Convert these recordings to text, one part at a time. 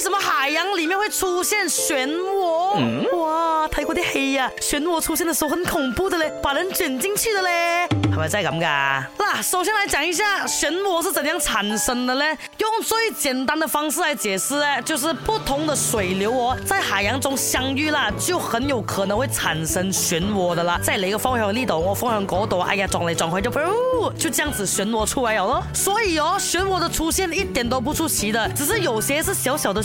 為什麼海洋裏面會出現漩渦？嗯、哇，太過的黑呀！漩渦出現的時候很恐怖的嘞，把人捲進去的嘞。係咪真係咁噶？嗱，首先來講一下漩渦是怎樣產生的呢？用最簡單的方式來解釋就是不同的水流哦，在海洋中相遇啦，就很有可能會產生漩渦的啦。在哪個方向呢度，我、哦、方向嗰度，哎呀，撞嚟撞去就噗、哦，就這樣子漩渦出來了。所以哦，漩渦的出現一點都不出奇的，只是有些是小小的。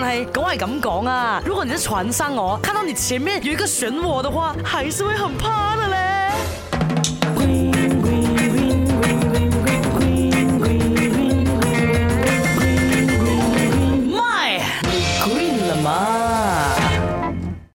但係，咁我係咁講啊！如果你喺船上我，我看到你前面有一個漩渦的話，還是會很怕的咧。